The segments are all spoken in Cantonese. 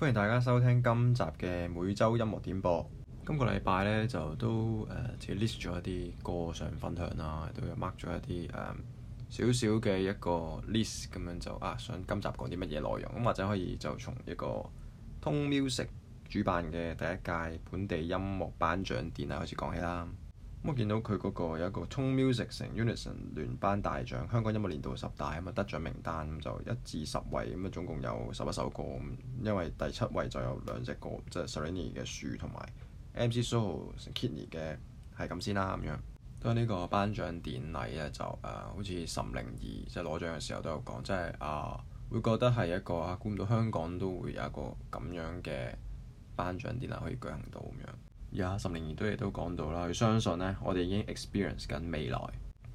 歡迎大家收聽今集嘅每周音樂點播。今個禮拜咧就都誒、呃，自己 list 咗一啲歌想分享啦，都有 mark 咗一啲誒，少少嘅一個 list 咁樣就啊，想今集講啲乜嘢內容咁、啊，或者可以就從一個 TONE Music 主辦嘅第一屆本地音樂頒獎典禮開始講起啦。咁我見到佢嗰個有一個《TONE Music》成 Unison 聯頒大獎香港音樂年度十大，咁啊得獎名單，咁就一至十位，咁啊總共有十一首歌咁，因為第七位就有兩隻歌，即係 Serrini 嘅樹同埋 MC $oHo KidNey 嘅係咁先啦咁樣。喺呢個頒獎典禮咧就誒、啊，好似岑寧兒即係攞獎嘅時候都有講，即、就、係、是、啊會覺得係一個啊估唔到香港都會有一個咁樣嘅頒獎典禮可以舉行到咁樣。廿十、yeah，年而都亦都講到啦，佢相信呢，我哋已經 experience 緊未來。咁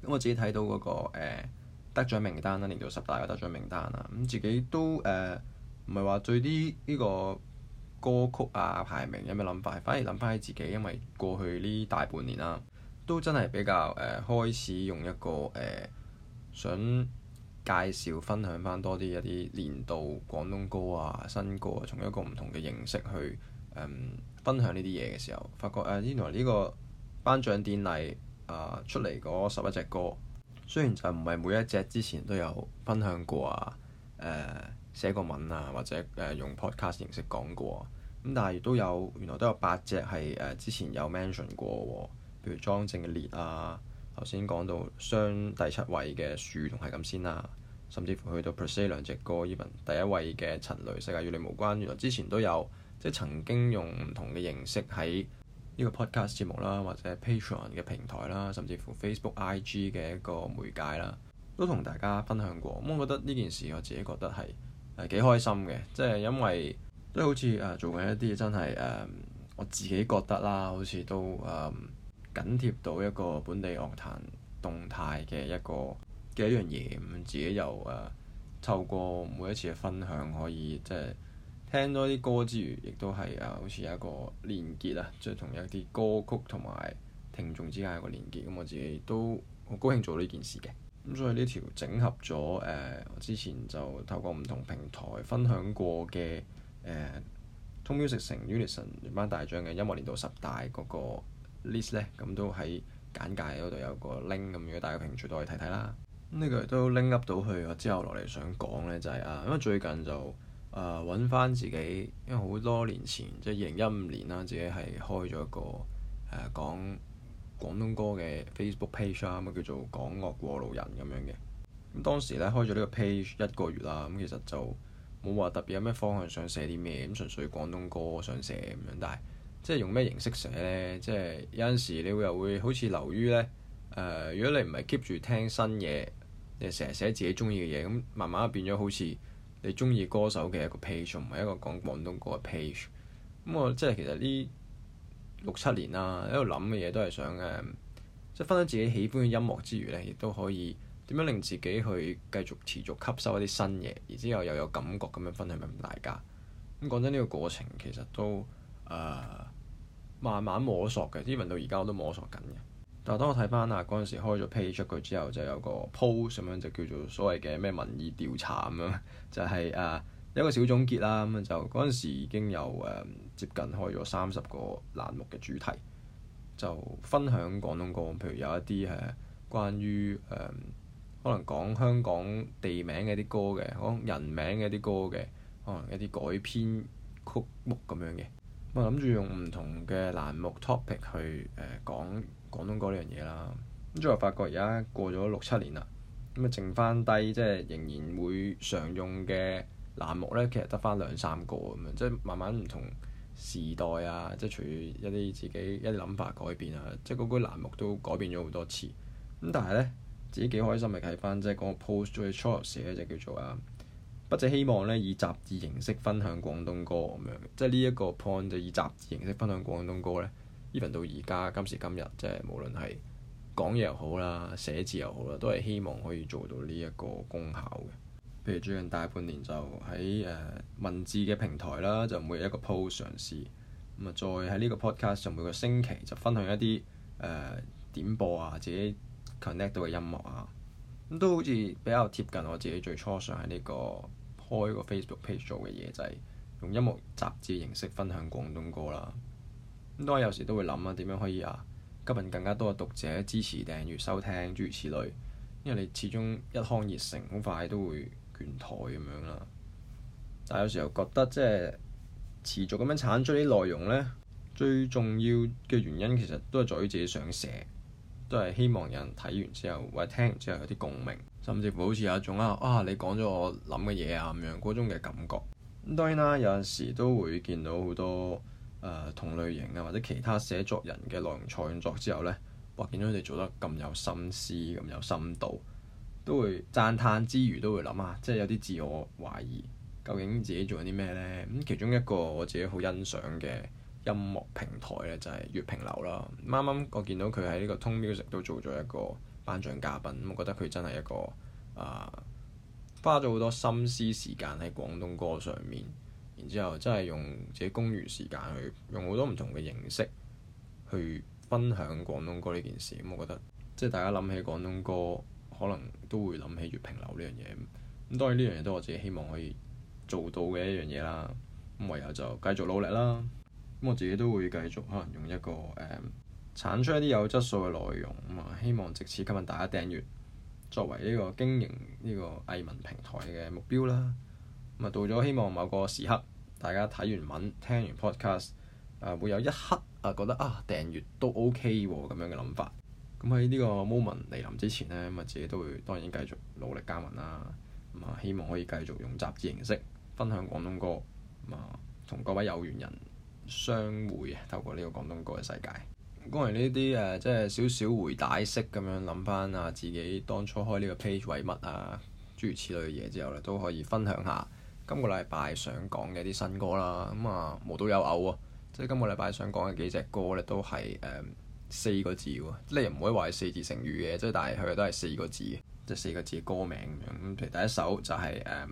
我自己睇到嗰、那個誒、呃、得獎名單啦，年度十大嘅得獎名單啦，咁自己都誒唔係話最啲呢個歌曲啊排名有咩諗法，反而諗翻起自己，因為過去呢大半年啦，都真係比較誒、呃、開始用一個誒、呃、想介紹分享翻多啲一啲年度廣東歌啊新歌，從一個唔同嘅形式去、呃分享呢啲嘢嘅時候，發覺誒、啊、原來呢個頒獎典禮啊出嚟嗰十一隻歌，雖然就唔係每一隻之前都有分享過啊，誒寫個文啊，或者誒、啊、用 podcast 形式講過，咁、啊、但係亦都有原來都有八隻係誒之前有 mention 過，譬、啊、如莊正嘅列啊，頭先講到雙第七位嘅樹同係咁先啦，甚至乎去到 preced 兩隻歌，even 第一位嘅陳蕾《世界與你無關》，原來之前都有。即係曾經用唔同嘅形式喺呢個 podcast 節目啦，或者 Patreon 嘅平台啦，甚至乎 Facebook IG 嘅一個媒介啦，都同大家分享過。咁我覺得呢件事我自己覺得係係幾開心嘅，即係因為即係好似誒、呃、做緊一啲真係誒、呃、我自己覺得啦，好似都誒、呃、緊貼到一個本地樂壇動態嘅一個嘅一樣嘢。咁自己又誒、呃、透過每一次嘅分享，可以即係。聽多啲歌之餘，亦都係啊，好似有一個連結啊，即、就、係、是、同一啲歌曲同埋聽眾之間有一個連結。咁我自己都好高興做呢件事嘅。咁所以呢條整合咗、呃、我之前就透過唔同平台分享過嘅誒、呃、TONE Music 成 Unison 班大將嘅音樂年度十大嗰個 list 咧，咁都喺簡介嗰度有個 link 咁樣，大家平時都可以睇睇啦。呢個都 link up 到去，我之後落嚟想講咧就係、是、啊，因為最近就～誒揾翻自己，因為好多年前即係二零一五年啦，自己係開咗一個誒、呃、講廣東歌嘅 Facebook page 啦、啊，咁叫做《講樂過路人》咁樣嘅。咁當時咧開咗呢個 page 一個月啦，咁其實就冇話特別有咩方向想寫啲咩，咁純粹廣東歌想寫咁樣，但係即係用咩形式寫咧？即係有陣時你會又會好似流於咧誒、呃，如果你唔係 keep 住聽新嘢，你成日寫自己中意嘅嘢，咁慢慢變咗好似你中意歌手嘅一個 page，唔係一個講廣東歌嘅 page。咁我即係其實呢六七年啦、啊，一路諗嘅嘢都係想嘅，即、嗯、係、就係、分享自己喜歡嘅音樂之餘呢，亦都可以點樣令自己去繼續持續吸收一啲新嘢，而之後又有感覺咁樣分享俾大家。咁講真，呢、呢個過程其實都誒、呃、慢慢摸索嘅，even 到而家我都摸索緊嘅。但係，當我睇翻啊，嗰陣時開咗 page 出佢之後，就有個 post 咁樣，就叫做所謂嘅咩民意調查咁樣，就係、是、誒一個小總結啦。咁就嗰陣時已經有誒接近開咗三十個欄目嘅主題，就分享廣東歌，譬如有一啲係關於誒、呃、可能講香港地名嘅啲歌嘅，講人名嘅啲歌嘅，可能一啲改編曲目咁樣嘅。我諗住用唔同嘅欄目 topic 去誒、呃、講。廣東歌呢樣嘢啦，咁最後發覺而家過咗六七年啦，咁啊剩翻低即係仍然會常用嘅欄目咧，其實得翻兩三個咁樣，即係慢慢唔同時代啊，即係隨住一啲自己一啲諗法改變啊，即係嗰個欄目都改變咗好多次。咁但係咧，自己幾開心咪睇翻即係嗰個 post Three c o 最初寫咧就叫做啊，不只希望咧以雜誌形式分享廣東歌咁樣，即係呢一個 point 就以雜誌形式分享廣東歌咧。even 到而家今時今日，即係無論係講嘢又好啦，寫字又好啦，都係希望可以做到呢一個功效嘅。譬如最近大半年就喺誒、呃、文字嘅平台啦，就每一個 post 嘗試咁啊，再喺呢個 podcast 就每個星期就分享一啲誒、呃、點播啊，自己 connect 到嘅音樂啊，咁都好似比較貼近我自己最初想喺呢個開一個 Facebook page 做嘅嘢，就係、是、用音樂雜誌形式分享廣東歌啦。咁當然有時都會諗啊，點樣可以啊吸引更加多嘅讀者、支持、訂閱、收聽諸如此類，因為你始終一腔熱誠好快都會倦怠咁樣啦。但有時候覺得即係持續咁樣產出啲內容呢，最重要嘅原因其實都係在於自己想寫，都係希望人睇完之後或者聽完之後有啲共鳴，甚至乎好似有一種啊，啊你講咗我諗嘅嘢啊咁樣嗰種嘅感覺。咁當然啦，啊，有陣時都會見到好多。呃、同類型啊，或者其他寫作人嘅內容創作之後呢，哇！見到佢哋做得咁有心思咁有深度，都會讚歎之餘都會諗下：「即係有啲自我懷疑，究竟自己做緊啲咩呢？嗯」咁其中一個我自己好欣賞嘅音樂平台呢，就係、是、月評樓啦。啱啱我見到佢喺呢個 Tone Music 都做咗一個頒獎嘉賓，我覺得佢真係一個、呃、花咗好多心思時間喺廣東歌上面。之後真係用自己公餘時間去用好多唔同嘅形式去分享廣東歌呢件事咁，我覺得即係大家諗起廣東歌，可能都會諗起粵評樓呢樣嘢咁。咁當然呢樣嘢都我自己希望可以做到嘅一樣嘢啦。咁唯有就繼續努力啦。咁我自己都會繼續可能用一個誒，產、嗯、出一啲有質素嘅內容咁啊，希望藉此吸引大家訂閱作為呢個經營呢、呢個藝文平台嘅目標啦。咁啊，到咗希望某個時刻。大家睇完文、聽完 podcast，誒、啊、會有一刻啊覺得啊訂閱都 OK 咁、啊、樣嘅諗法。咁喺呢個 moment 嚟臨之前呢，咁啊自己都會當然繼續努力耕耘啦。咁啊希望可以繼續用雜誌形式分享廣東歌，啊同各位有緣人相會啊，透過呢個廣東歌嘅世界。講完呢啲誒，即係少少回帶式咁樣諗翻啊自己當初開呢個 page 為乜啊，諸如此類嘅嘢之後咧，都可以分享下。今個禮拜想講嘅啲新歌啦，咁、嗯、啊無獨有偶喎、啊，即係今個禮拜想講嘅幾隻歌咧都係誒、嗯、四個字喎、啊，即係唔可以話係四字成語嘅，即係但係佢都係四個字即係四個字嘅歌名咁樣。咁、嗯、譬如第一首就係、是、誒、嗯、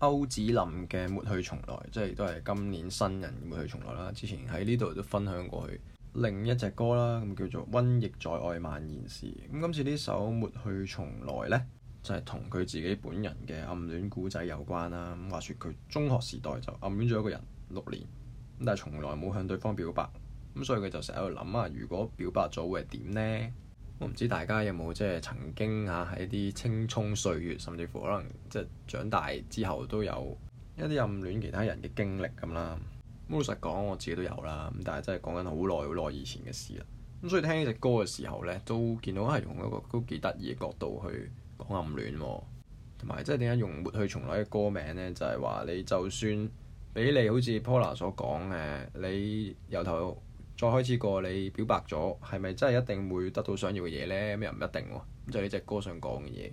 區子琳嘅《抹去重來》，即係都係今年新人《抹去重來》啦。之前喺呢度都分享過去，去另一隻歌啦，咁叫做《瘟疫在愛蔓延時》。咁、嗯、今次呢首《抹去重來》咧。就係同佢自己本人嘅暗戀古仔有關啦、啊。咁話說佢中學時代就暗戀咗一個人六年，咁但係從來冇向對方表白，咁所以佢就成日喺度諗啊。如果表白咗會係點呢？我唔知大家有冇即係曾經嚇喺啲青蔥歲月，甚至乎可能即係長大之後都有一啲暗戀其他人嘅經歷咁啦、啊。咁老實講，我自己都有啦。咁但係真係講緊好耐好耐以前嘅事啦。咁所以聽呢隻歌嘅時候呢，都見到係用一個都幾得意嘅角度去。好暗戀喎、啊，同埋即係點解用《抹去重來》嘅歌名呢？就係、是、話你就算俾你好似 Paula 所講嘅，你由頭再開始過，你表白咗係咪真係一定會得到想要嘅嘢呢？咩又唔一定喎、啊？咁就係呢隻歌想講嘅嘢。咁、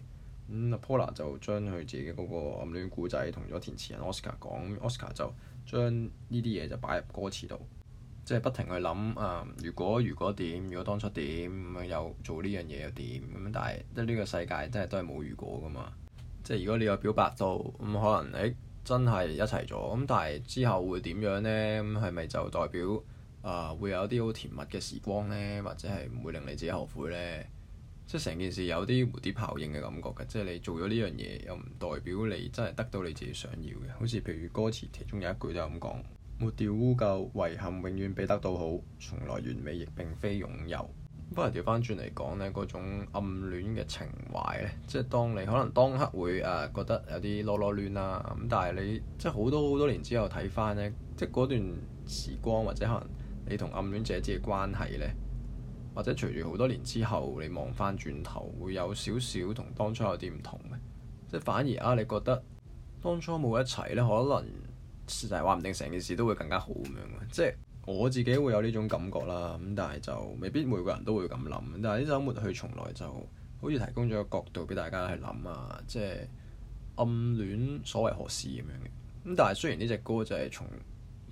嗯、Paula 就將佢自己嗰個暗戀故仔同咗填詞人 Oscar 講，Oscar 就將呢啲嘢就擺入歌詞度。即係不停去諗啊、呃！如果如果點？如果當初點？咁、嗯、又做呢樣嘢又點？咁、嗯、但係即係呢個世界真係都係冇如果噶嘛！即係如果你有表白到咁、嗯，可能誒、欸、真係一齊咗咁、嗯，但係之後會點樣呢？咁係咪就代表啊、呃、會有啲好甜蜜嘅時光呢？或者係唔會令你自己後悔呢？即係成件事有啲蝴蝶效應嘅感覺嘅，即係你做咗呢樣嘢又唔代表你真係得到你自己想要嘅。好似譬如歌詞其中有一句就係咁講。抹掉污垢，遺憾永遠比得到好，從來完美亦並非擁有。不過調翻轉嚟講呢，嗰種暗戀嘅情懷呢，即係當你可能當刻會啊覺得有啲囉囉亂啦，咁但係你即係好多好多年之後睇翻呢，即係嗰段時光或者可能你同暗戀者之間嘅關係呢，或者隨住好多年之後你望翻轉頭，會有少少同當初有啲唔同嘅，即係反而啊你覺得當初冇一齊呢，可能。就係話唔定成件事都會更加好咁樣，即係我自己會有呢種感覺啦。咁但係就未必每個人都會咁諗。但係呢首歌佢從來就好似提供咗個角度俾大家去諗啊，即係暗戀所謂何事咁樣嘅。咁但係雖然呢隻歌就係從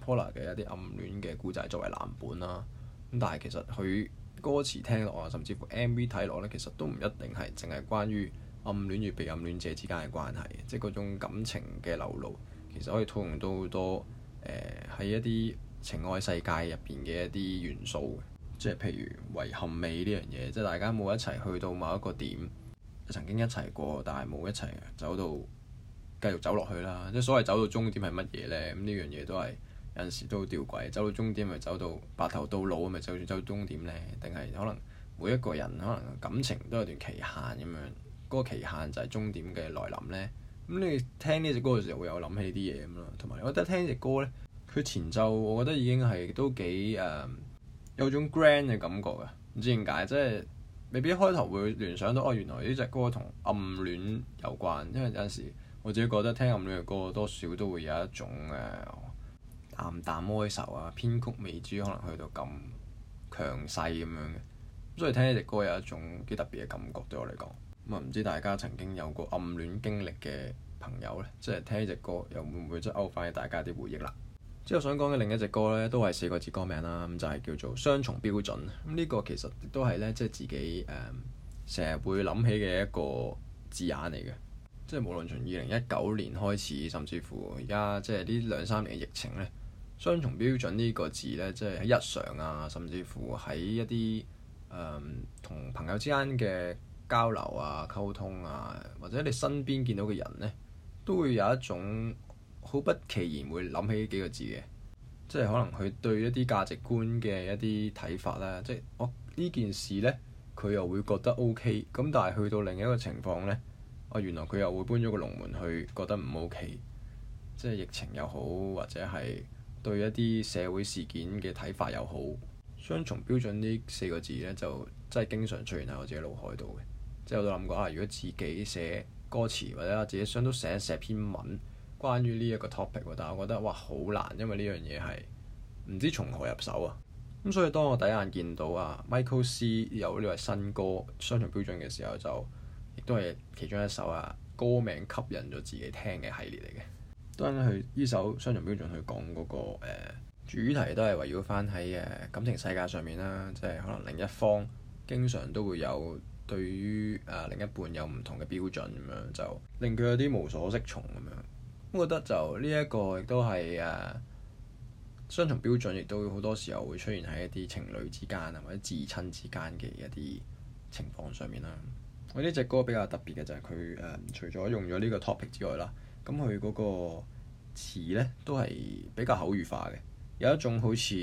Polar 嘅一啲暗戀嘅故仔作為藍本啦，咁但係其實佢歌詞聽落啊，甚至乎 MV 睇落咧，其實都唔一定係淨係關於暗戀與被暗戀者之間嘅關係，即係嗰種感情嘅流露。其實可以套用到好多誒喺，呃、一啲情愛世界入邊嘅一啲元素，即係譬如遺憾美呢樣嘢，即係大家冇一齊去到某一個點，曾經一齊過，但係冇一齊走到，繼續走落去啦。即係所謂走到終點係乜嘢呢？咁呢樣嘢都係有陣時都吊詭，走到終點咪走到白頭到老啊？咪就算走到終點呢？定係可能每一個人可能感情都有段期限咁樣，嗰、嗰個期限就係終點嘅來臨呢。咁、嗯、你聽呢隻歌嘅時候會有諗起啲嘢咁啦，同埋我覺得聽歌呢隻歌咧，佢前奏我覺得已經係都幾誒、uh, 有種 grand 嘅感覺嘅，唔知點解，即、就、係、是、未必一開頭會聯想到哦、哎、原來呢隻歌同暗戀有關，因為有陣時我自己覺得聽暗戀嘅歌多少都會有一種誒、uh, 淡淡哀愁啊，編曲未知可能去到咁強勢咁樣嘅，所以聽呢隻歌有一種幾特別嘅感覺對我嚟講。咁啊，唔知大家曾經有過暗戀經歷嘅朋友呢，即係聽隻歌又會唔會即係勾翻大家啲回憶啦？之後想講嘅另一隻歌呢，都係四個字歌名啦，咁就係、係、叫做《雙重標準》，嗯。呢、呢個其實都係呢，即係自己成日、嗯、會諗起嘅一個字眼嚟嘅。即係無論從二零一九年開始，甚至乎而家即係呢兩三年嘅疫情呢，《雙重標準》呢個字呢，即係喺日常啊，甚至乎喺一啲同、嗯、朋友之間嘅。交流啊、溝通啊，或者你身邊見到嘅人呢，都會有一種好不其然會諗起呢幾個字嘅，即係可能佢對一啲價值觀嘅一啲睇法啦。即係哦呢件事呢，佢又會覺得 OK。咁但係去到另一個情況呢，啊原來佢又會搬咗個龍門去，覺得唔 OK。即係疫情又好，或者係對一啲社會事件嘅睇法又好，雙重標準呢四個字呢，就真係經常出現喺我自己腦海度嘅。即係我都諗過啊，如果自己寫歌詞，或者自己想都寫一寫篇文，關於呢一個 topic。但係我覺得哇，好難，因為呢樣嘢係唔知從何入手啊。咁所以當我第一眼見到啊 Michael C 有呢位新歌《雙重標準》嘅時候，就亦都係其中一首啊歌名吸引咗自己聽嘅系列嚟嘅。當然，佢呢首《雙重標準》去講嗰個、呃、主題，都係圍繞翻喺誒感情世界上面啦，即係可能另一方經常都會有。對於啊、呃、另一半有唔同嘅標準，咁樣就令佢有啲無所適從咁樣。我覺得就呢一個亦都係啊雙重標準，亦都好多時候會出現喺一啲情侶之間啊，或者至親之間嘅一啲情況上面啦。呢一隻歌比較特別嘅就係佢誒，除咗用咗呢個 topic 之外啦，咁佢嗰個詞呢都係比較口語化嘅，有一種好似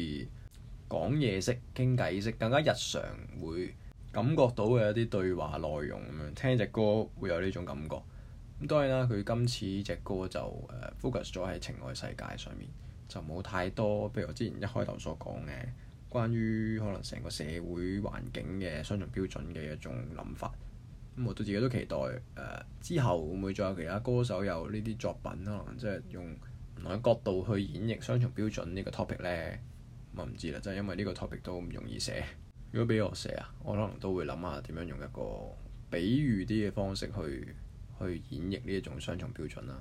講嘢式、傾偈式，更加日常會感覺到嘅一啲對話內容咁樣，聽隻歌會有呢種感覺咁，當然啦，佢今次隻歌就誒 focus 咗喺情愛世界上面，就冇太多，譬如我之前一開頭所講嘅關於可能成個社會環境嘅雙重標準嘅一種諗法。咁、嗯、我都自己都期待誒、呃，之後會唔會再有其他歌手有呢啲作品，可能即係用唔同嘅角度去演繹雙重標準呢個 topic 咧？我唔知啦，即係因為呢個 topic 都唔容易寫。如果俾我寫啊，我可能都會諗下點樣用一個比喻啲嘅方式去去演繹呢一種雙重標準啦。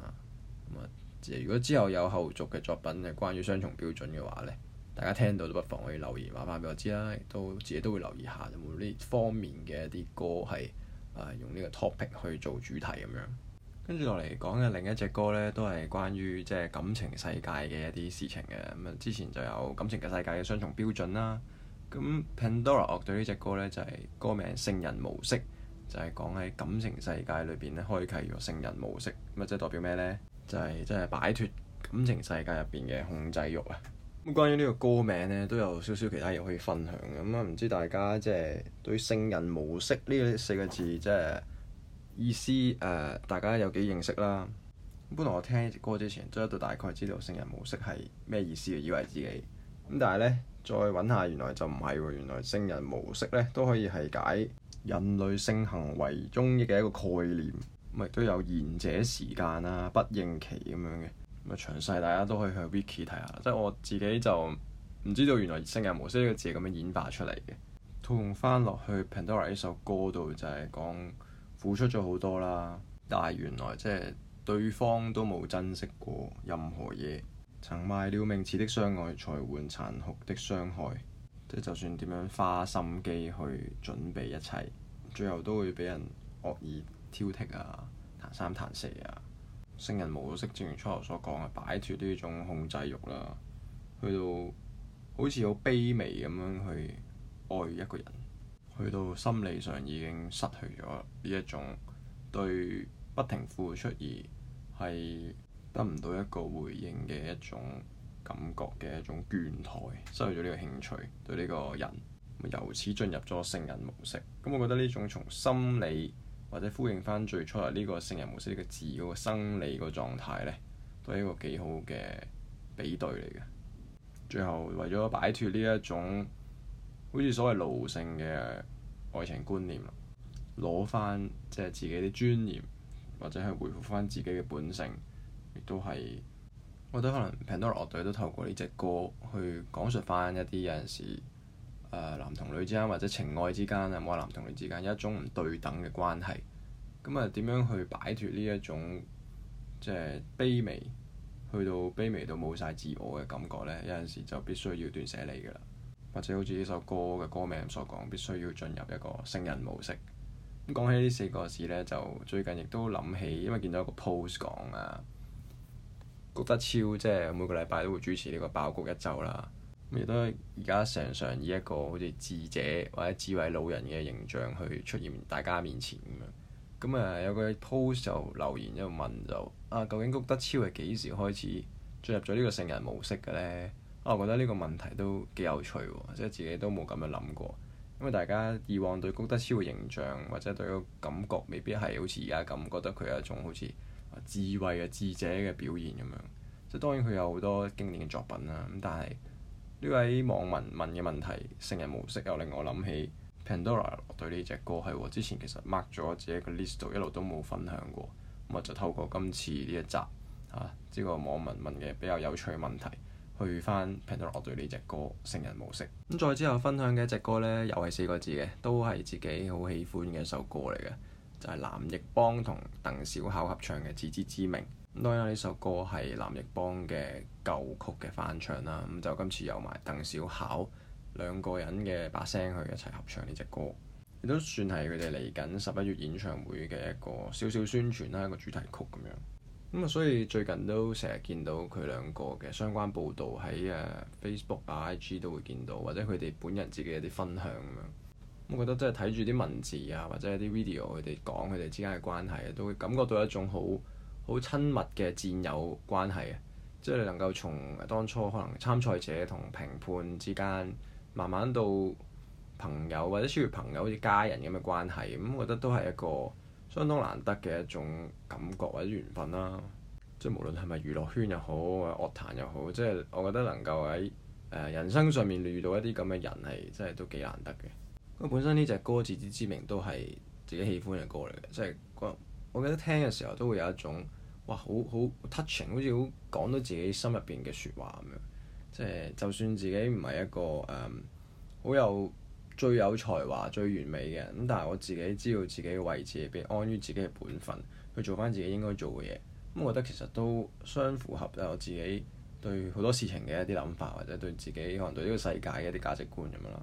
咁、嗯、啊，如果之後有後續嘅作品係關於雙重標準嘅話咧，大家聽到都不妨可以留言話翻俾我知啦。亦都自己都會留意下，有冇呢方面嘅一啲歌係啊用呢個 topic 去做主題咁樣。跟住落嚟講嘅另一隻歌咧，都係關於即係、就是、感情世界嘅一啲事情嘅。咁、嗯、啊，之前就有感情嘅世界嘅雙重標準啦。咁 Pandora 樂隊呢隻歌呢，就係、是、歌名《聖人模式》，就係、是、講喺感情世界裏邊咧，開啓咗《聖人模式》，咁即係代表咩呢？就係即係擺脫感情世界入邊嘅控制欲啊！咁 關於呢個歌名呢，都有少少其他嘢可以分享，咁啊唔知大家即係、就是、對《聖人模式》呢四個字即係意思誒、呃，大家有幾認識啦？咁本來我聽歌之前都一度大概知道《聖人模式》係咩意思嘅，以為自己咁，但係呢。再揾下，原來就唔係喎。原來聖人模式呢，都可以係解人類性行為中嘅一個概念。咁亦都有賢者時間啦、啊，不應期咁樣嘅。咁啊，詳細大家都可以向 wiki 睇下。即係我自己就唔知道，原來聖人模式呢個字係咁樣演化出嚟嘅。套用翻落去《Pandora》呢首歌度，就係講付出咗好多啦，但係原來即係對方都冇珍惜過任何嘢。曾賣了名次的傷害，才換殘酷的傷害。即就算點樣花心機去準備一切，最後都會俾人惡意挑剔啊、彈三彈四啊。聖人模式正如初頭所講啊，擺脱呢一種控制欲啦，去到好似好卑微咁樣去愛一個人，去到心理上已經失去咗呢一種對不停付出而係。得唔到一個回應嘅一種感覺嘅一種倦怠，失去咗呢個興趣，對呢個人，由此進入咗聖人模式。咁我覺得呢種從心理或者呼應翻最初係呢個聖人模式呢個字嗰個生理個狀態呢都係一個幾好嘅比對嚟嘅。最後為咗擺脱呢一種好似所謂奴性嘅愛情觀念攞翻即係自己啲尊嚴，或者係回復翻自己嘅本性。亦都係，我覺得可能 Pandora 樂隊都透過呢隻歌去講述翻一啲有陣時，誒男同女之間或者情愛之間啊，或者男同女之間有一種唔對等嘅關係。咁啊，點樣去擺脱呢一種即係卑微，去到卑微到冇晒自我嘅感覺呢？有陣時就必須要斷捨離㗎啦，或者好似呢首歌嘅歌名所講，必須要進入一個聖人模式。咁講起呢四個字呢，就最近亦都諗起，因為見到一個 post 講啊。谷德超即係每個禮拜都會主持呢個爆谷一週啦，亦都而家常常以一個好似智者或者智慧老人嘅形象去出現大家面前咁樣。咁啊有個 post 就留言一路問就啊，究竟谷德超係幾時開始進入咗呢個聖人模式嘅咧？啊，我覺得呢個問題都幾有趣喎，即係自己都冇咁樣諗過。因為大家以往對谷德超嘅形象或者對個感覺未必係好似而家咁覺得佢係一種好似智慧嘅智者嘅表現咁樣，即係當然佢有好多經典嘅作品啦。咁但係呢位網民問嘅問題《聖人模式》又令我諗起 Pandora 樂隊呢隻歌係喎。嗯、之前其實 mark 咗自己嘅 list 度，一路都冇分享過。咁啊就透過今次呢一集啊，呢個網民問嘅比較有趣嘅問題，去翻 Pandora 樂隊呢隻歌《聖人模式》嗯。咁再之後分享嘅一隻歌呢，又係四個字嘅，都係自己好喜歡嘅一首歌嚟嘅。就係藍奕邦同鄧小巧合唱嘅《自知之明》，咁當然呢首歌係藍奕邦嘅舊曲嘅翻唱啦，咁就今次有埋鄧小巧兩個人嘅把聲去一齊合唱呢隻歌，亦都算係佢哋嚟緊十一月演唱會嘅一個少少宣傳啦，一個主題曲咁樣。咁啊，所以最近都成日見到佢兩個嘅相關報導喺誒 Facebook、IG 都會見到，或者佢哋本人自己一啲分享咁樣。我覺得真係睇住啲文字啊，或者啲 video，佢哋講佢哋之間嘅關係、啊，都會感覺到一種好好親密嘅戰友關係嘅、啊。即係你能夠從當初可能參賽者同評判之間，慢慢到朋友或者超越朋友，好似家人咁嘅關係。咁、嗯、我覺得都係一個相當難得嘅一種感覺或者緣分啦、啊。即係無論係咪娛樂圈又好，或者樂壇又好，即係我覺得能夠喺誒、呃、人生上面遇到一啲咁嘅人，係真係都幾難得嘅。本身呢隻歌自知之明都係自己喜歡嘅歌嚟嘅，即係我記得聽嘅時候都會有一種哇 ing, 好好 touching，好似好講到自己心入邊嘅説話咁樣。即係就算自己唔係一個誒、嗯、好有最有才華最完美嘅，咁但係我自己知道自己嘅位置，別安於自己嘅本分，去做翻自己應該做嘅嘢。咁我覺得其實都相符合我自己對好多事情嘅一啲諗法，或者對自己可能對呢個世界嘅一啲價值觀咁樣咯。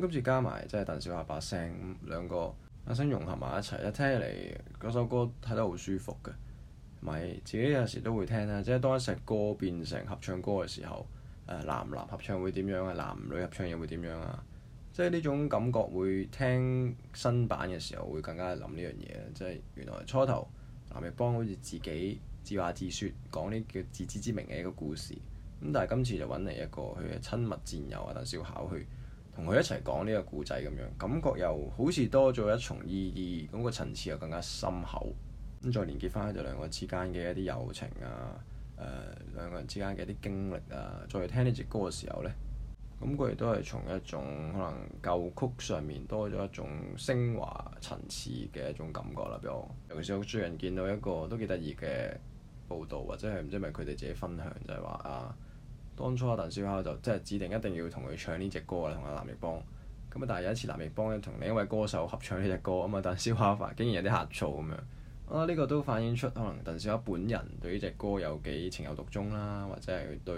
今次加埋即係鄧小巧把聲，兩個把聲融合埋一齊，一聽起嚟嗰首歌睇得好舒服嘅。咪自己有時都會聽啦，即係當一隻歌變成合唱歌嘅時候，誒、呃、男男合唱會點樣啊？男女合唱又會點樣啊？即係呢種感覺會聽新版嘅時候會更加諗呢樣嘢，即係原來初頭藍奕邦好似自己自話自説講呢叫自知之明嘅一個故事，咁但係今次就揾嚟一個佢嘅親密戰友啊，鄧小巧去。同佢一齊講呢個故仔咁樣，感覺又好似多咗一重意義，咁個層次又更加深厚。咁再連結翻就兩個之間嘅一啲友情啊，誒、呃，兩個人之間嘅一啲經歷啊，再聽呢支歌嘅時候呢，咁佢哋都係從一種可能舊曲上面多咗一種升華層次嘅一種感覺啦，俾我。尤其是我最近見到一個都幾得意嘅報導，或者係唔知係咪佢哋自己分享，就係話啊～當初啊，鄧小巧就即係指定一定要同佢唱呢隻歌啦，同阿藍奕邦。咁啊，但係有一次藍奕邦咧同另一位歌手合唱呢隻歌啊嘛，鄧小巧反而竟然有啲呷醋咁樣。啊，呢個都反映出可能鄧小巧本人對呢隻歌有幾情有獨鍾啦，或者係對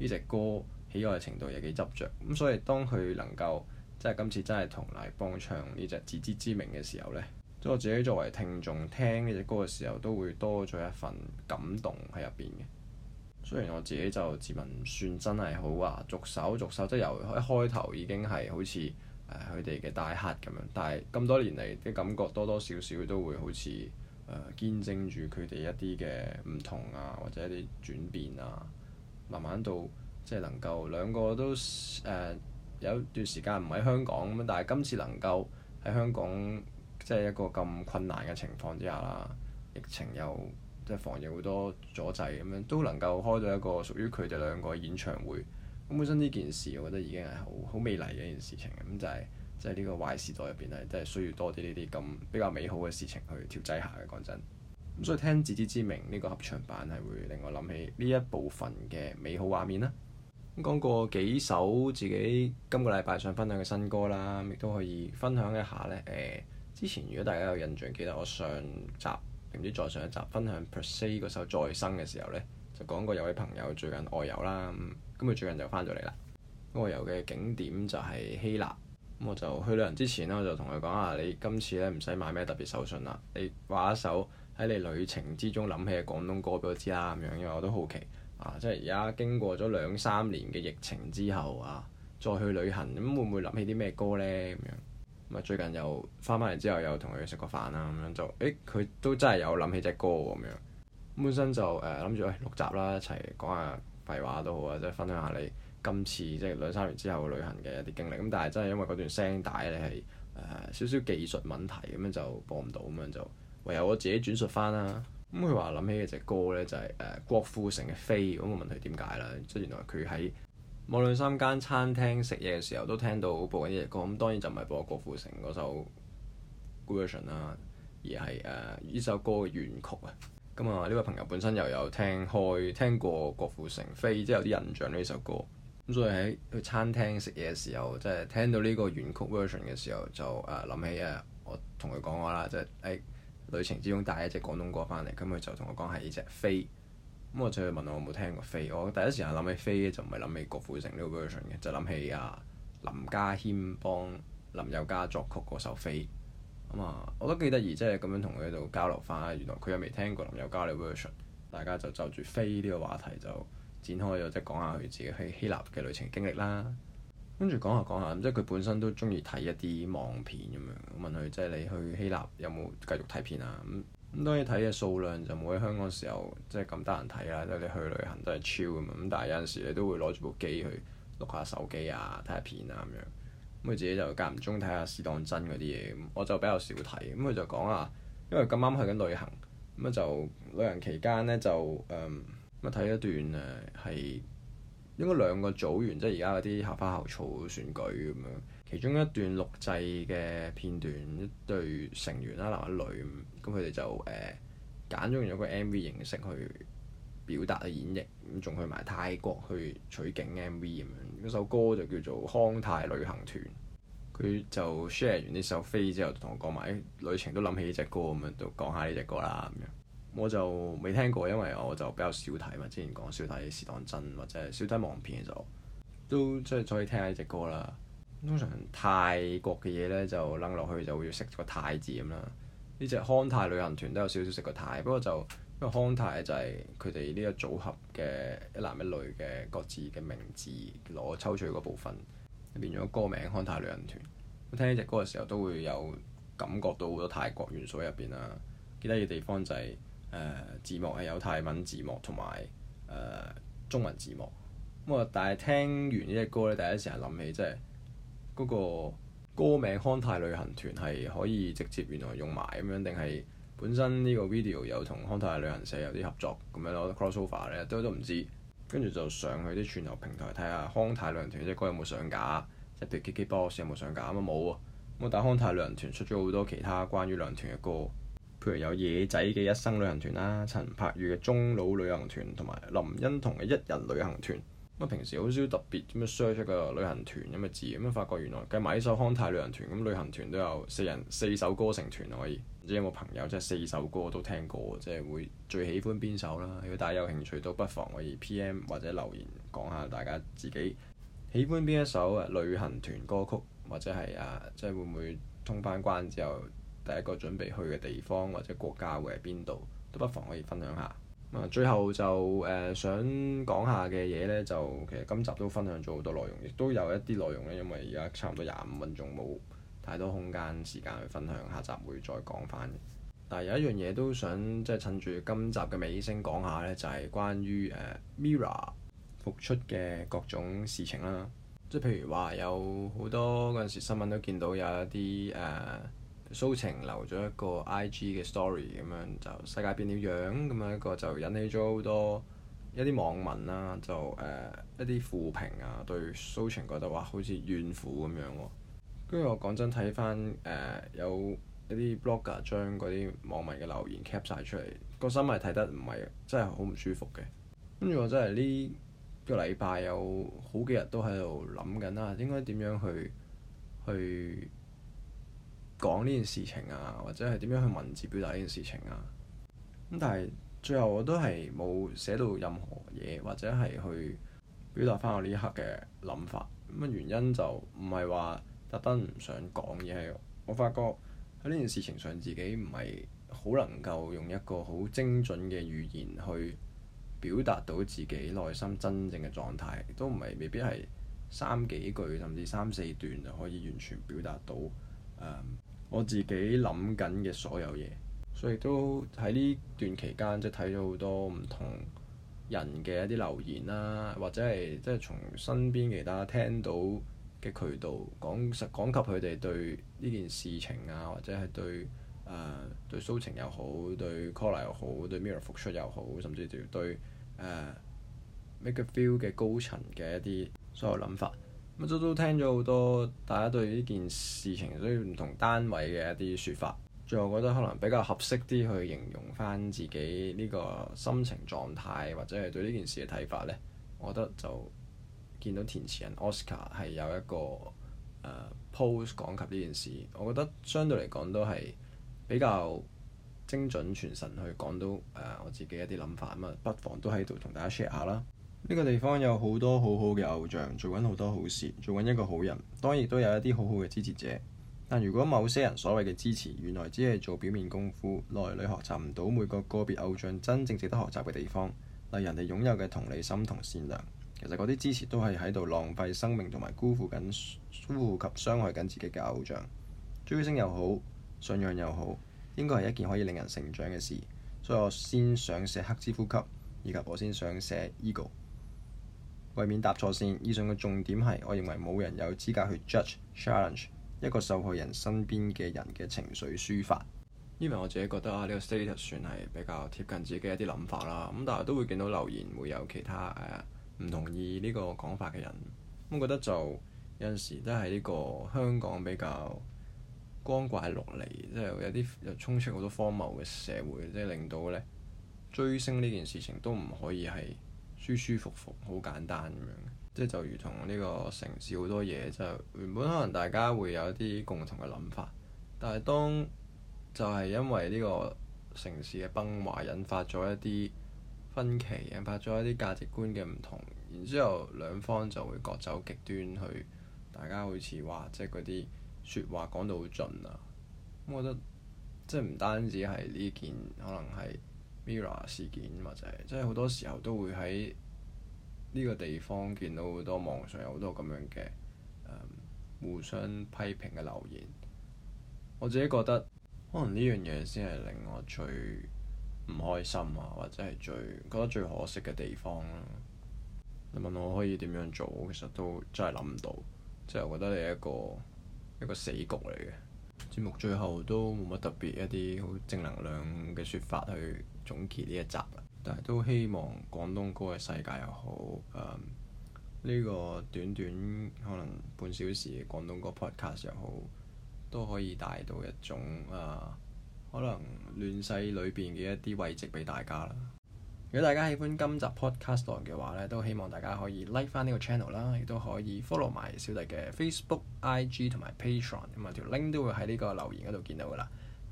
呢隻歌喜愛程度有幾執着。咁所以當佢能夠即係今次真係同黎邦唱呢隻自知之明嘅時候呢，即我自己作為聽眾聽呢隻歌嘅時候，都會多咗一份感動喺入邊嘅。雖然我自己就自問算真係好啊，逐手逐手，即係由一開頭已經係好似誒佢哋嘅大客咁樣，但係咁多年嚟啲感覺多多少少都會好似誒、呃、見證住佢哋一啲嘅唔同啊，或者一啲轉變啊，慢慢到即係能夠兩個都誒、呃、有一段時間唔喺香港咁，但係今次能夠喺香港即係一個咁困難嘅情況之下啦，疫情又～即係防疫好多阻滯咁樣，都能夠開到一個屬於佢哋兩個演唱會。咁本身呢件事，我覺得已經係好好美麗嘅一件事情咁，就係，就係即係呢個壞時代入邊係真係需要多啲呢啲咁比較美好嘅事情去調劑下嘅。講真，咁、嗯、所以聽《自知之明》呢、呢個合唱版係會令我諗起呢一部分嘅美好畫面啦。咁講過幾首自己今個禮拜想分享嘅新歌啦，亦都可以分享一下呢。誒、呃，之前如果大家有印象，記得我上集。唔知再上一集分享 Per Se 嗰首再生嘅時候呢，就講過有位朋友最近外遊啦，咁、嗯、佢最近就返咗嚟啦。外遊嘅景點就係希臘，咁我就去旅行之前呢，我就同佢講啊：你今次呢，唔使買咩特別手信啦，你話一首喺你旅程之中諗起嘅廣東歌俾我知啦，咁樣，因為我都好奇啊，即係而家經過咗兩三年嘅疫情之後啊，再去旅行咁會唔會諗起啲咩歌呢？咁樣。咪最近又翻翻嚟之後又，又同佢食個飯啦，咁樣就，誒、欸、佢都真係有諗起隻歌喎，咁樣。本身就誒諗住，誒、呃、六集啦，一齊講下廢話都好啊，即係分享下你今次即係兩三年之後嘅旅行嘅一啲經歷。咁但係真係因為嗰段聲帶咧係誒少少技術問題，咁樣就播唔到，咁樣就唯有我自己轉述翻啦。咁佢話諗起嘅隻歌咧就係誒郭富城嘅飛，咁個問題點解咧？即係原來佢喺。無論三間餐廳食嘢嘅時候，都聽到播緊呢隻歌，咁當然就唔係播郭富城嗰首 version 啦，而係誒呢首歌嘅原曲、嗯、啊。咁啊，呢位朋友本身又有聽開聽，聽過郭富城飛，即係有啲印象呢首歌。咁、嗯、所以喺去餐廳食嘢嘅時候，即係聽到呢個原曲 version 嘅時候，就誒諗起啊，起我同佢講話啦，即係誒旅程之中帶一隻廣東歌翻嚟，咁佢就同我講係呢隻飛。咁我就去問我有冇聽過飛？我第一時間諗起飛嘅就唔係諗起郭富城呢個 version 嘅，就諗起阿、這個就是、林家謙幫林宥嘉作曲嗰首飛。咁啊、嗯，我都幾得意，即係咁樣同佢喺度交流翻，原來佢又未聽過林宥嘉呢個 version。大家就就住飛呢個話題就展開咗、就是，即係講下佢自己去希臘嘅旅程經歷啦。跟住講下講下，即係佢本身都中意睇一啲網片咁樣。我問佢即係你去希臘有冇繼續睇片啊？嗯咁多嘢睇嘅數量就冇喺香港時候即係咁得閒睇啦，即係你去旅行都係超咁。咁但係有陣時你都會攞住部機去錄下手機啊、睇下片啊咁樣。咁佢自己就間唔中睇下試當真嗰啲嘢。咁我就比較少睇。咁佢就講啊，因為咁啱去緊旅行，咁啊就旅行期間咧就誒乜睇一段誒係應該兩個組員，即係而家嗰啲校花校草選舉咁樣。其中一段錄製嘅片段，一對成員啦，男一女咁，佢哋就誒揀咗用一個 M.V. 形式去表達嘅演繹，咁仲去埋泰國去取景 M.V. 咁樣，嗰首歌就叫做《康泰旅行團》。佢就 share 完呢首飛之後，同我講埋旅程都諗起呢隻歌咁樣，就講下呢隻歌啦咁樣。我就未聽過，因為我就比較少睇嘛。之前講少睇試當真或者少睇網片嘅時候都即係可以聽下呢隻歌啦。通常泰國嘅嘢咧，就扔落去就會識個泰字咁啦。呢隻康泰旅行團都有少少識個泰，不過就因為康泰就係佢哋呢個組合嘅一男一女嘅各自嘅名字攞抽取嗰部分，變咗歌名《康泰旅行團》。咁聽呢隻歌嘅時候，都會有感覺到好多泰國元素喺入邊啦。記得嘅地方就係、是、誒、呃、字幕係有泰文字幕同埋誒中文字幕。咁啊，但係聽完呢隻歌咧，第一時間諗起即係～嗰個歌名康泰旅行團係可以直接原來用埋咁樣，定係本身呢個 video 有同康泰旅行社有啲合作咁樣咯，crossover 咧都都唔知，跟住就上去啲串流平台睇下康泰旅行團呢歌有冇上架，即係 KKBOX 有冇上架，咁啊冇喎，咁啊但康泰旅行團出咗好多其他關於旅行團嘅歌，譬如有野仔嘅一生旅行團啦，陳柏宇嘅中老旅行團同埋林欣彤嘅一人旅行團。咁平時好少特別咁樣 search 出個旅行團咁嘅字，咁發覺原來計埋呢首康泰旅行團，咁旅行團都有四人四首歌成團可以。唔知有冇朋友即係四首歌都聽過，即係會最喜歡邊首啦？如果大家有興趣，都不妨可以 PM 或者留言講下大家自己喜歡邊一首旅行團歌曲，或者係啊即係會唔會通返關之後第一個準備去嘅地方或者國家會喺邊度，都不妨可以分享下。最後就誒、呃、想講下嘅嘢呢，就其實今集都分享咗好多內容，亦都有一啲內容呢。因為而家差唔多廿五分鐘，冇太多空間時間去分享，下集會再講翻。但係有一樣嘢都想即係趁住今集嘅尾聲講下呢，就係、是、關於、呃、Mirror 復出嘅各種事情啦。即係譬如話有好多嗰陣時新聞都見到有一啲誒。呃蘇晴留咗一個 IG 嘅 story 咁樣，就世界變了樣咁樣，一個就引起咗好多一啲網民啦、啊，就誒、呃、一啲負評啊，對蘇晴覺得話好似怨婦咁樣喎、啊。跟住我講真睇返誒有一啲 blogger 將嗰啲網民嘅留言 cap 晒出嚟，個心係睇得唔係真係好唔舒服嘅。跟住我真係呢個禮拜有好幾日都喺度諗緊啦，應該點樣去去？講呢件事情啊，或者係點樣去文字表達呢件事情啊，咁但係最後我都係冇寫到任何嘢，或者係去表達翻我呢刻嘅諗法。咁原因就唔係話特登唔想講嘢，係我發覺喺呢件事情上自己唔係好能夠用一個好精準嘅語言去表達到自己內心真正嘅狀態，都唔係未必係三幾句甚至三四段就可以完全表達到，嗯我自己諗緊嘅所有嘢，所以都喺呢段期間即係睇咗好多唔同人嘅一啲留言啦、啊，或者係即係從身邊其他聽到嘅渠道講實講及佢哋對呢件事情啊，或者係對誒、呃、對蘇晴又好，對 Collar 又好，對 Mirror 復出又好，甚至對誒、呃、Make a Feel 嘅高層嘅一啲所有諗法。咁都都聽咗好多大家對呢件事情，對唔同單位嘅一啲説法。最後覺得可能比較合適啲去形容翻自己呢個心情狀態，或者係對呢件事嘅睇法呢。我覺得就見到填詞人 Oscar 係有一個 post 講及呢件事，我覺得相對嚟講都係比較精準傳神去講到誒、呃、我自己一啲諗法啊嘛，不妨都喺度同大家 share 下啦。呢個地方有好多好好嘅偶像，做緊好多好事，做緊一個好人。當然都有一啲好好嘅支持者。但如果某些人所謂嘅支持，原來只係做表面功夫，內裏學習唔到每個個別偶像真正值得學習嘅地方，例如人哋擁有嘅同理心同善良，其實嗰啲支持都係喺度浪費生命同埋辜負緊、辜負及傷害緊自己嘅偶像。追星又好，信仰又好，應該係一件可以令人成長嘅事。所以我先想寫黑之呼吸，以及我先想寫 ego。為免答錯線，以上嘅重點係，我認為冇人有資格去 judge challenge 一個受害人身邊嘅人嘅情緒抒發。因為我自己覺得啊，呢個 status 算係比較貼近自己一啲諗法啦。咁但係都會見到留言會有其他誒唔同意呢個講法嘅人。咁我覺得就有陣時都係呢個香港比較光怪陸離，即係有啲又衝出好多荒謬嘅社會，即係令到咧追星呢件事情都唔可以係。舒舒服服，好簡單咁樣，即係就如同呢個城市好多嘢，就原本可能大家會有一啲共同嘅諗法，但係當就係因為呢個城市嘅崩壞，引發咗一啲分歧，引發咗一啲價值觀嘅唔同，然之後兩方就會各走極端去，大家好似話即係嗰啲説話講到好盡啊，我覺得即係唔單止係呢件，可能係。Mirror 事件或者係，即係好多時候都會喺呢個地方見到好多網上有好多咁樣嘅、嗯、互相批評嘅留言。我自己覺得可能呢樣嘢先係令我最唔開心啊，或者係最覺得最可惜嘅地方。你問我可以點樣做，其實都真係諗唔到，即係我覺得你係一個一個死局嚟嘅節目，最後都冇乜特別一啲好正能量嘅說法去總結呢一集啦，但係都希望廣東歌嘅世界又好，誒、啊、呢、這個短短可能半小時廣東歌 podcast 又好，都可以帶到一種誒、啊、可能亂世裏邊嘅一啲慰藉俾大家啦。如果大家喜歡今集 podcast 嘅話咧，都希望大家可以 like 翻呢個 channel 啦，亦都可以 follow 埋小弟嘅 Facebook、IG 同埋 Patreon，咁啊條 link 都會喺呢個留言嗰度見到噶啦。